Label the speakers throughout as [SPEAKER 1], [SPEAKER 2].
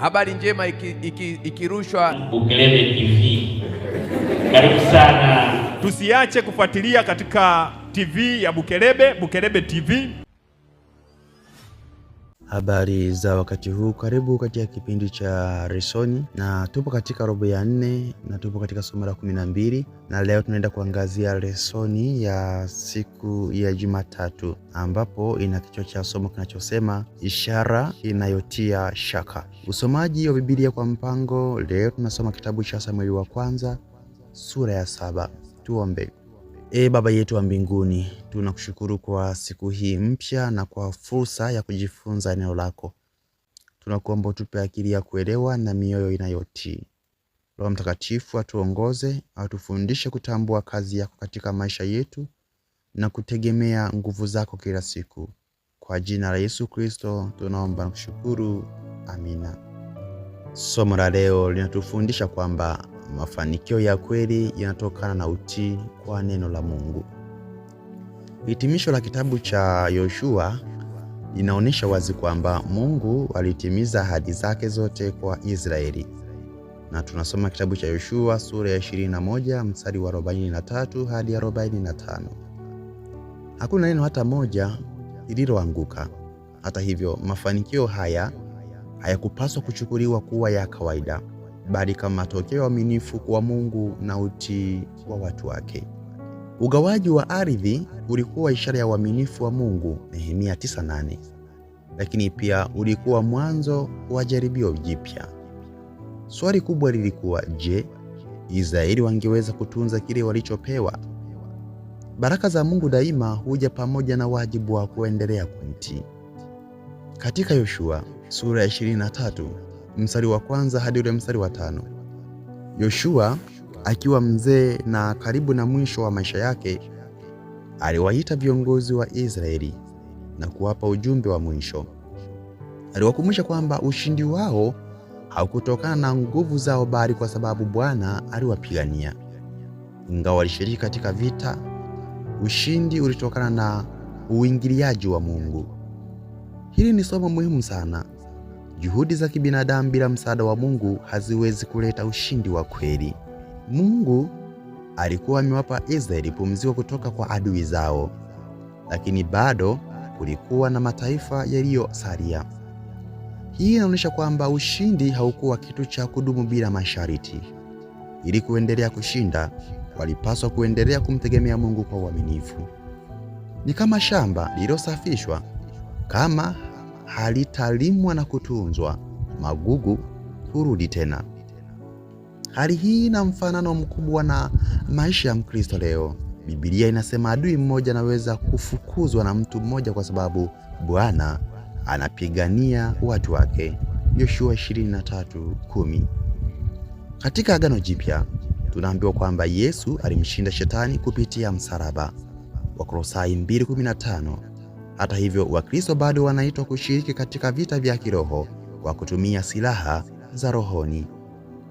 [SPEAKER 1] Habari njema ikirushwa iki,
[SPEAKER 2] iki Bukelebe TV. Karibu sana,
[SPEAKER 3] tusiache kufuatilia katika TV ya Bukelebe, Bukelebe TV.
[SPEAKER 4] Habari za wakati huu, karibu katika kipindi cha Resoni na tupo katika robo ya nne na tupo katika somo la kumi na mbili na leo tunaenda kuangazia lesoni ya siku ya Jumatatu ambapo ina kichwa cha somo kinachosema ishara inayotia shaka. Usomaji wa Biblia kwa mpango leo tunasoma kitabu cha Samueli wa kwanza sura ya saba. Tuombe. E Baba yetu wa mbinguni, tunakushukuru kwa siku hii mpya na kwa fursa ya kujifunza neno lako. Tunakuomba utupe akili ya kuelewa na mioyo inayotii. Roho Mtakatifu atuongoze, atufundishe kutambua kazi yako katika maisha yetu na kutegemea nguvu zako kila siku. Kwa jina la Yesu Kristo tunaomba na kushukuru, amina. Somo la leo linatufundisha kwamba mafanikio ya kweli yanatokana na utii kwa neno la Mungu. Hitimisho la kitabu cha Yoshua linaonyesha wazi kwamba Mungu alitimiza ahadi zake zote kwa Israeli, na tunasoma kitabu cha Yoshua sura ya 21 mstari wa 43 hadi 45. Hakuna neno hata moja lililoanguka. Hata hivyo, mafanikio haya hayakupaswa kuchukuliwa kuwa ya kawaida bali kama matokeo ya uaminifu kwa Mungu na utii wa watu wake. Ugawaji wa ardhi ulikuwa ishara ya uaminifu wa Mungu, Nehemia 9:8, lakini pia ulikuwa mwanzo wa jaribio jipya. Swali kubwa lilikuwa je, Israeli wangeweza kutunza kile walichopewa? Baraka za Mungu daima huja pamoja na wajibu wa kuendelea kumtii. Katika Yoshua sura ya 23 mstari wa kwanza hadi ule mstari wa tano. Yoshua akiwa mzee na karibu na mwisho wa maisha yake, aliwaita viongozi wa Israeli na kuwapa ujumbe wa mwisho. Aliwakumbusha kwamba ushindi wao haukutokana na nguvu zao, bali kwa sababu Bwana aliwapigania. Ingawa walishiriki katika vita, ushindi ulitokana na uingiliaji wa Mungu. Hili ni somo muhimu sana Juhudi za kibinadamu bila msaada wa Mungu haziwezi kuleta ushindi wa kweli. Mungu alikuwa amewapa Israeli pumziko kutoka kwa adui zao, lakini bado kulikuwa na mataifa yaliyosalia. Hii inaonyesha kwamba ushindi haukuwa kitu cha kudumu bila masharti. Ili kuendelea kushinda, walipaswa kuendelea kumtegemea Mungu kwa uaminifu. Ni kama shamba lililosafishwa, kama halitalimwa na kutunzwa, magugu hurudi tena. Hali hii ina mfanano mkubwa na maisha ya Mkristo leo. Biblia inasema adui mmoja anaweza kufukuzwa na mtu mmoja kwa sababu Bwana anapigania watu wake, Yoshua 23:10. Katika Agano Jipya tunaambiwa kwamba Yesu alimshinda shetani kupitia msalaba, Wakolosai hata hivyo, Wakristo bado wanaitwa kushiriki katika vita vya kiroho kwa kutumia silaha za rohoni.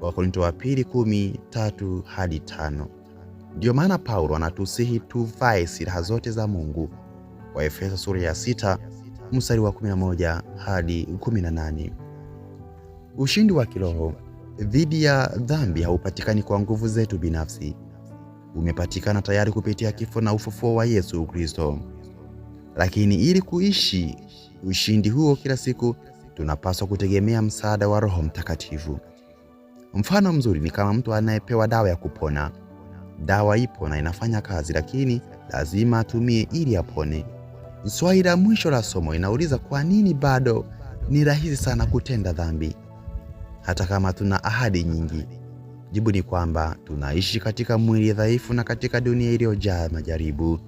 [SPEAKER 4] Wakorintho wa pili kumi tatu hadi tano. Ndiyo maana Paulo anatusihi tuvae silaha zote za Mungu. Waefeso sura ya sita mstari wa 11 hadi 18. Ushindi wa kiroho dhidi ya dhambi haupatikani kwa nguvu zetu binafsi, umepatikana tayari kupitia kifo na ufufuo wa Yesu Kristo. Lakini ili kuishi ushindi huo kila siku, tunapaswa kutegemea msaada wa Roho Mtakatifu. Mfano mzuri ni kama mtu anayepewa dawa ya kupona. Dawa ipo na inafanya kazi, lakini lazima atumie ili apone. Swali la mwisho la somo inauliza kwa nini bado ni rahisi sana kutenda dhambi hata kama tuna ahadi nyingi? Jibu ni kwamba tunaishi katika mwili dhaifu na katika dunia iliyojaa majaribu.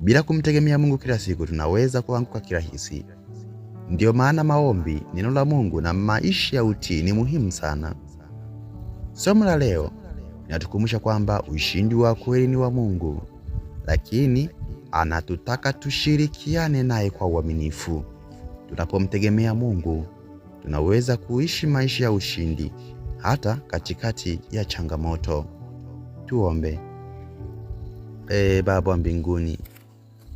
[SPEAKER 4] Bila kumtegemea Mungu kila siku, tunaweza kuanguka kirahisi. Ndiyo maana maombi, neno la Mungu na maisha ya utii ni muhimu sana. Somo la leo linatukumbusha kwamba ushindi wa kweli ni wa Mungu, lakini anatutaka tushirikiane naye kwa uaminifu. Tunapomtegemea Mungu, tunaweza kuishi maisha ya ushindi hata katikati ya changamoto. Tuombe. Ee Baba mbinguni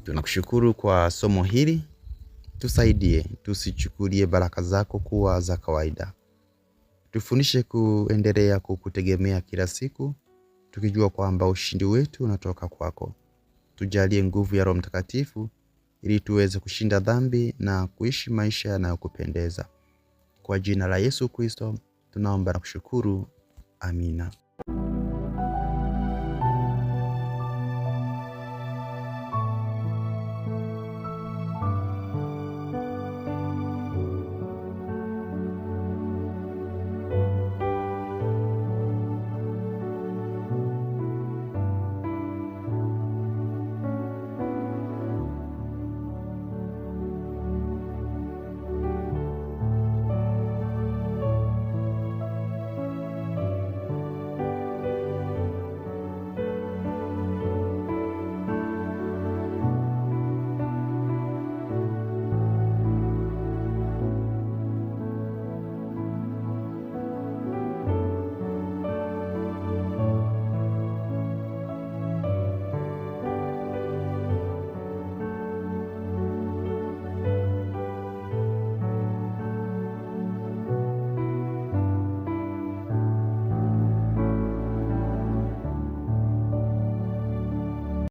[SPEAKER 4] Tunakushukuru kwa somo hili, tusaidie tusichukulie baraka zako kuwa za kawaida. Tufundishe kuendelea kukutegemea kila siku, tukijua kwamba ushindi wetu unatoka kwako. Tujalie nguvu ya Roho Mtakatifu ili tuweze kushinda dhambi na kuishi maisha yanayokupendeza. Kwa jina la Yesu Kristo tunaomba na kushukuru, amina.